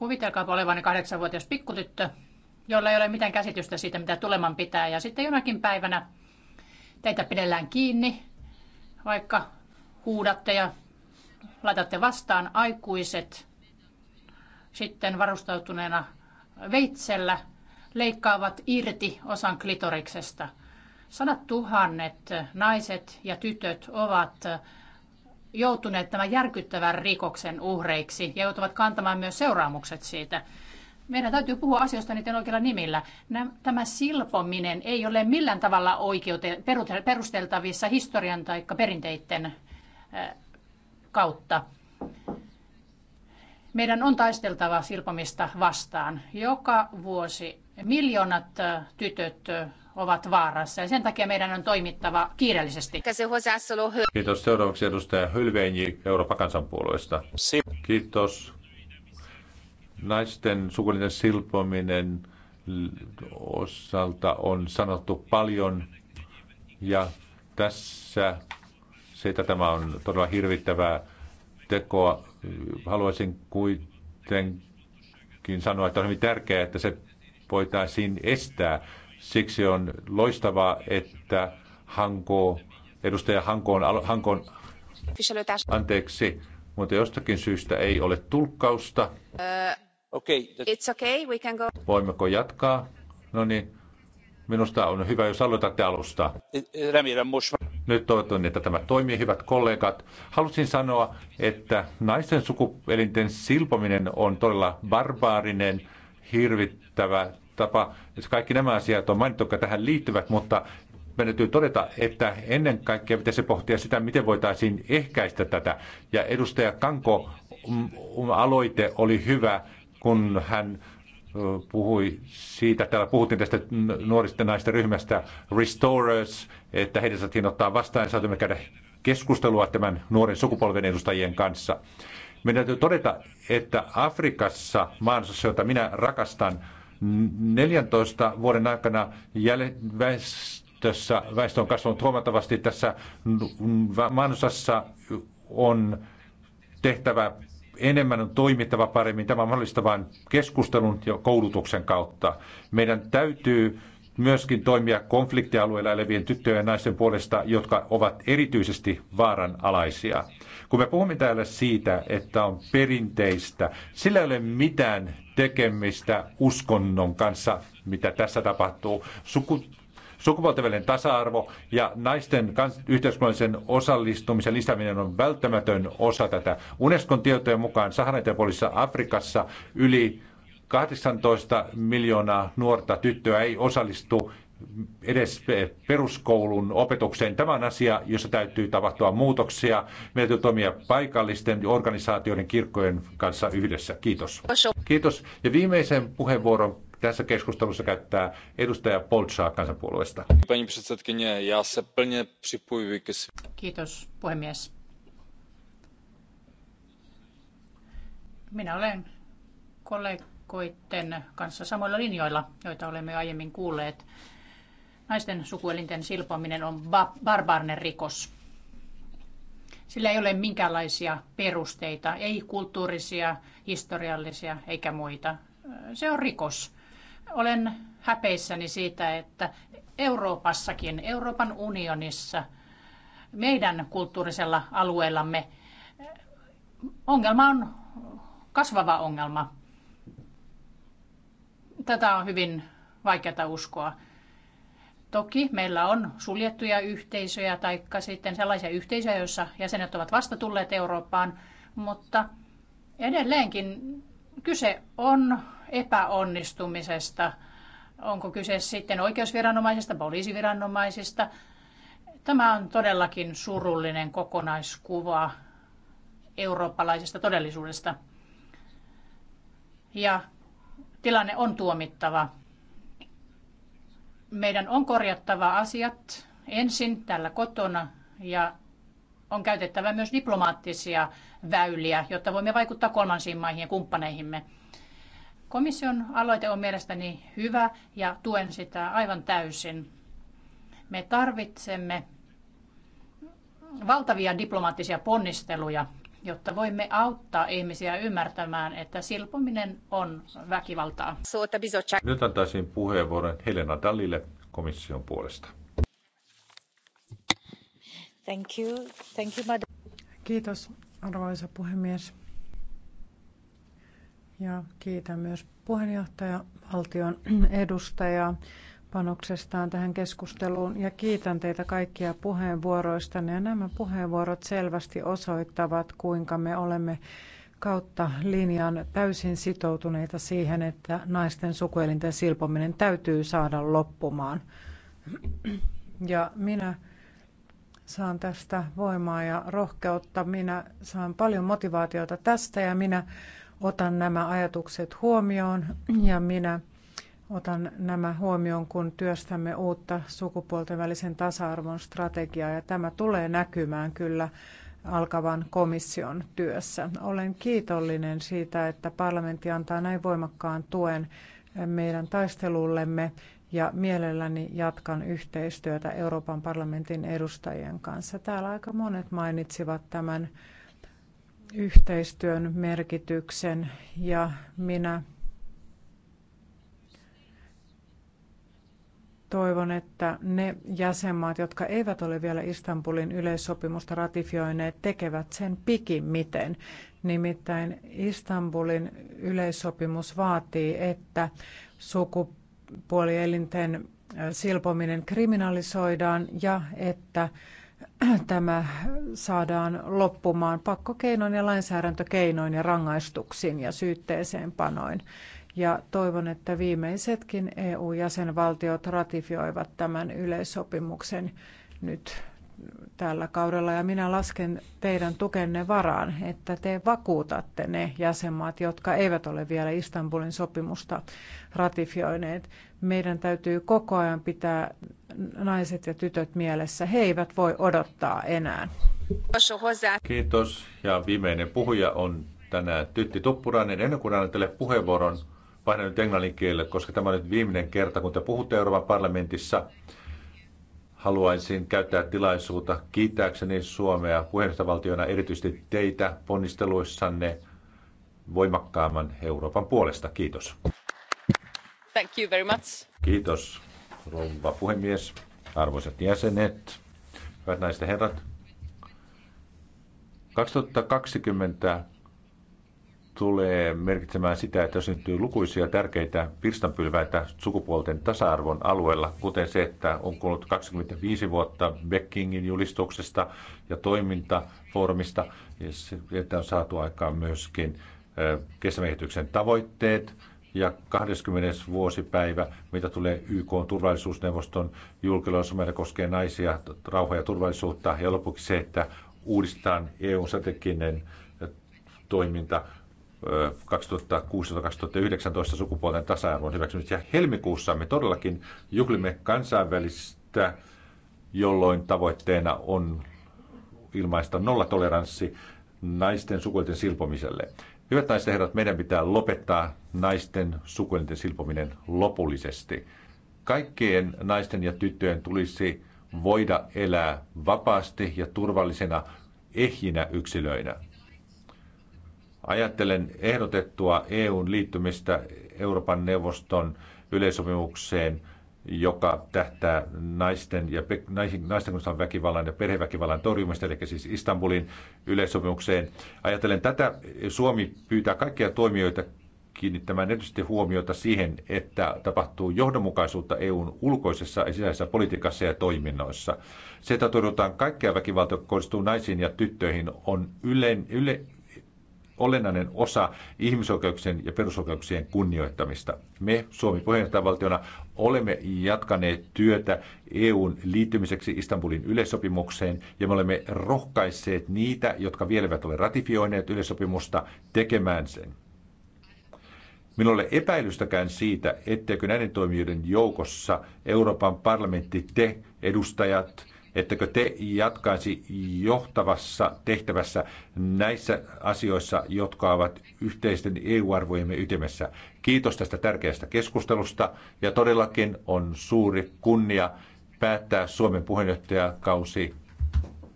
Kuvitelkaapa olevanne kahdeksanvuotias pikkutyttö, jolla ei ole mitään käsitystä siitä, mitä tuleman pitää. Ja sitten jonakin päivänä teitä pidellään kiinni, vaikka huudatte ja laitatte vastaan aikuiset sitten varustautuneena veitsellä leikkaavat irti osan klitoriksesta. Sadat tuhannet naiset ja tytöt ovat joutuneet tämän järkyttävän rikoksen uhreiksi ja joutuvat kantamaan myös seuraamukset siitä. Meidän täytyy puhua asioista niiden oikeilla nimillä. Tämä silpominen ei ole millään tavalla oikeute, perusteltavissa historian tai perinteiden äh, kautta. Meidän on taisteltava silpomista vastaan. Joka vuosi miljoonat äh, tytöt äh, ovat vaarassa ja sen takia meidän on toimittava kiireellisesti. Kiitos. Seuraavaksi edustaja Hylveenji Euroopan kansanpuolueesta. Kiitos. Naisten sukupuolinen silpominen osalta on sanottu paljon ja tässä se, että tämä on todella hirvittävää tekoa, haluaisin kuitenkin sanoa, että on hyvin tärkeää, että se voitaisiin estää. Siksi on loistavaa, että Hanko, edustaja Hankoon, Hankoon anteeksi, mutta jostakin syystä ei ole tulkkausta. Uh, äh, okay, it's okay, we can go. Voimmeko jatkaa? No niin, minusta on hyvä, jos aloitatte alusta. Nyt toivon, että tämä toimii, hyvät kollegat. Halusin sanoa, että naisten sukuelinten silpominen on todella barbaarinen, hirvittävä lähestymistapa. Kaikki nämä asiat on mainittu, jotka tähän liittyvät, mutta meidän täytyy todeta, että ennen kaikkea pitäisi pohtia sitä, miten voitaisiin ehkäistä tätä. Ja edustaja Kanko mm, mm, aloite oli hyvä, kun hän puhui siitä, täällä puhuttiin tästä nuorista naisten ryhmästä Restorers, että heidän saatiin ottaa vastaan ja saatiin käydä keskustelua tämän nuoren sukupolven edustajien kanssa. Meidän täytyy todeta, että Afrikassa, maanosassa, jota minä rakastan, 14 vuoden aikana väestössä, väestö on kasvanut huomattavasti tässä maanosassa on tehtävä enemmän on toimittava paremmin. Tämä on mahdollista vain keskustelun ja koulutuksen kautta. Meidän täytyy myöskin toimia konfliktialueilla elävien tyttöjen ja naisten puolesta, jotka ovat erityisesti vaaranalaisia. Kun me puhumme täällä siitä, että on perinteistä, sillä ei ole mitään tekemistä uskonnon kanssa, mitä tässä tapahtuu. Suku, sukupuolten välinen tasa-arvo ja naisten kans- yhteiskunnallisen osallistumisen lisääminen on välttämätön osa tätä. Unescon tietojen mukaan Saharan Afrikassa yli 18 miljoonaa nuorta tyttöä ei osallistu edes peruskoulun opetukseen. Tämä on asia, jossa täytyy tapahtua muutoksia. Meidän täytyy toimia paikallisten organisaatioiden kirkkojen kanssa yhdessä. Kiitos. Kiitos. Ja viimeisen puheenvuoron tässä keskustelussa käyttää edustaja Poltsaa kansanpuolueesta. Kiitos puhemies. Minä olen kollega kollegoiden kanssa samoilla linjoilla, joita olemme aiemmin kuulleet. Naisten sukuelinten silpominen on barbaarinen rikos. Sillä ei ole minkäänlaisia perusteita, ei kulttuurisia, historiallisia eikä muita. Se on rikos. Olen häpeissäni siitä, että Euroopassakin, Euroopan unionissa, meidän kulttuurisella alueellamme ongelma on kasvava ongelma. Tätä on hyvin vaikeata uskoa. Toki meillä on suljettuja yhteisöjä tai sitten sellaisia yhteisöjä, joissa jäsenet ovat vasta tulleet Eurooppaan, mutta edelleenkin kyse on epäonnistumisesta. Onko kyse sitten oikeusviranomaisista, poliisiviranomaisista? Tämä on todellakin surullinen kokonaiskuva eurooppalaisesta todellisuudesta. Ja Tilanne on tuomittava. Meidän on korjattava asiat ensin täällä kotona ja on käytettävä myös diplomaattisia väyliä, jotta voimme vaikuttaa kolmansiin maihin ja kumppaneihimme. Komission aloite on mielestäni hyvä ja tuen sitä aivan täysin. Me tarvitsemme valtavia diplomaattisia ponnisteluja jotta voimme auttaa ihmisiä ymmärtämään, että silpominen on väkivaltaa. Nyt antaisin puheenvuoron Helena Dallille komission puolesta. Thank you. Thank you, madam. Kiitos, arvoisa puhemies. Ja kiitän myös puheenjohtaja, valtion edustajaa panoksestaan tähän keskusteluun ja kiitän teitä kaikkia puheenvuoroistanne. Ja nämä puheenvuorot selvästi osoittavat, kuinka me olemme kautta linjan täysin sitoutuneita siihen, että naisten sukuelinten silpominen täytyy saada loppumaan. Ja minä saan tästä voimaa ja rohkeutta. Minä saan paljon motivaatiota tästä ja minä otan nämä ajatukset huomioon ja minä Otan nämä huomioon, kun työstämme uutta sukupuolten välisen tasa-arvon strategiaa, ja tämä tulee näkymään kyllä alkavan komission työssä. Olen kiitollinen siitä, että parlamentti antaa näin voimakkaan tuen meidän taistelullemme ja mielelläni jatkan yhteistyötä Euroopan parlamentin edustajien kanssa. Täällä aika monet mainitsivat tämän yhteistyön merkityksen ja minä toivon, että ne jäsenmaat, jotka eivät ole vielä Istanbulin yleissopimusta ratifioineet, tekevät sen pikimmiten. Nimittäin Istanbulin yleissopimus vaatii, että sukupuolielinten silpominen kriminalisoidaan ja että tämä saadaan loppumaan pakkokeinoin ja lainsäädäntökeinoin ja rangaistuksin ja syytteeseen panoin ja toivon, että viimeisetkin EU-jäsenvaltiot ratifioivat tämän yleissopimuksen nyt tällä kaudella ja minä lasken teidän tukenne varaan, että te vakuutatte ne jäsenmaat, jotka eivät ole vielä Istanbulin sopimusta ratifioineet. Meidän täytyy koko ajan pitää naiset ja tytöt mielessä. He eivät voi odottaa enää. Kiitos. Ja viimeinen puhuja on tänään Tytti Tuppurainen. Ennen kuin annan teille puheenvuoron, vaihdanut englannin kielelle, koska tämä on nyt viimeinen kerta, kun te puhutte Euroopan parlamentissa. Haluaisin käyttää tilaisuutta kiittääkseni Suomea puheenjohtajavaltiona erityisesti teitä ponnisteluissanne voimakkaamman Euroopan puolesta. Kiitos. Thank you very much. Kiitos, rouva puhemies, arvoisat jäsenet, hyvät naiset ja herrat. 2020 tulee merkitsemään sitä, että syntyy lukuisia tärkeitä virstanpylväitä sukupuolten tasa-arvon alueella, kuten se, että on kulunut 25 vuotta Beckingin julistuksesta ja toimintafoorumista, ja se, että on saatu aikaan myöskin kestävän tavoitteet, ja 20. vuosipäivä, mitä tulee YK turvallisuusneuvoston julkilausumalle koskee naisia, rauhaa ja turvallisuutta, ja lopuksi se, että uudistetaan EU-strateginen toiminta 2016-2019 sukupuolten tasa-arvon hyväksymistä. Ja helmikuussa me todellakin juhlimme kansainvälistä, jolloin tavoitteena on ilmaista nollatoleranssi naisten sukuelten silpomiselle. Hyvät naiset ja herrat, meidän pitää lopettaa naisten sukuelten silpominen lopullisesti. Kaikkien naisten ja tyttöjen tulisi voida elää vapaasti ja turvallisena ehjinä yksilöinä. Ajattelen ehdotettua EUn liittymistä Euroopan neuvoston yleisopimukseen, joka tähtää naisten ja naisten, naisten väkivallan ja perheväkivallan torjumista, eli siis Istanbulin yleisopimukseen. Ajattelen tätä, Suomi pyytää kaikkia toimijoita kiinnittämään erityisesti huomiota siihen, että tapahtuu johdonmukaisuutta EUn ulkoisessa ja sisäisessä politiikassa ja toiminnoissa. Se, että kaikkea väkivaltaa, joka kohdistuu naisiin ja tyttöihin, on yle, yle, olennainen osa ihmisoikeuksien ja perusoikeuksien kunnioittamista. Me Suomi puheenjohtajavaltiona olemme jatkaneet työtä EUn liittymiseksi Istanbulin yleissopimukseen ja me olemme rohkaisseet niitä, jotka vielä eivät ole ratifioineet yleissopimusta, tekemään sen. Minulle epäilystäkään siitä, etteikö näiden toimijoiden joukossa Euroopan parlamentti, te edustajat, ettekö te jatkaisi johtavassa tehtävässä näissä asioissa, jotka ovat yhteisten EU-arvojemme ytimessä. Kiitos tästä tärkeästä keskustelusta ja todellakin on suuri kunnia päättää Suomen puheenjohtajakausi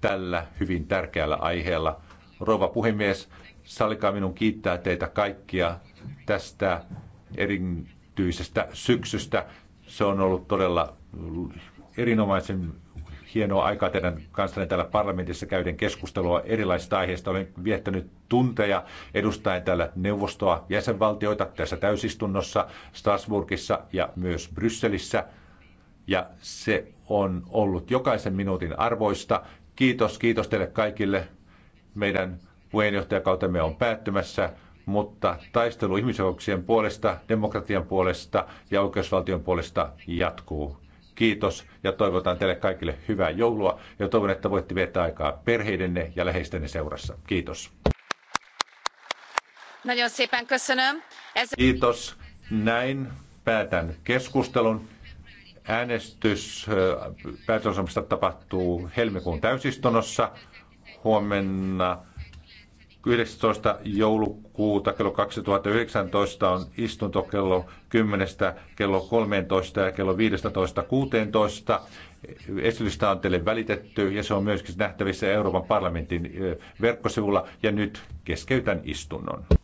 tällä hyvin tärkeällä aiheella. Rouva puhemies, sallikaa minun kiittää teitä kaikkia tästä erityisestä syksystä. Se on ollut todella erinomaisen hienoa aikaa teidän kanssanne täällä parlamentissa käyden keskustelua erilaisista aiheista. Olen viettänyt tunteja edustaen täällä neuvostoa jäsenvaltioita tässä täysistunnossa, Strasbourgissa ja myös Brysselissä. Ja se on ollut jokaisen minuutin arvoista. Kiitos, kiitos teille kaikille. Meidän puheenjohtajakautemme on päättymässä mutta taistelu ihmisoikeuksien puolesta, demokratian puolesta ja oikeusvaltion puolesta jatkuu. Kiitos ja toivotan teille kaikille hyvää joulua ja toivon, että voitte viettää aikaa perheidenne ja läheistenne seurassa. Kiitos. Kiitos. Näin päätän keskustelun. Äänestys päätösomista tapahtuu helmikuun täysistunnossa huomenna 19. joulukuuta kello 2019 on istunto kello 10, kello 13 ja kello 15.16. Esitystä on teille välitetty ja se on myöskin nähtävissä Euroopan parlamentin verkkosivulla. Ja nyt keskeytän istunnon.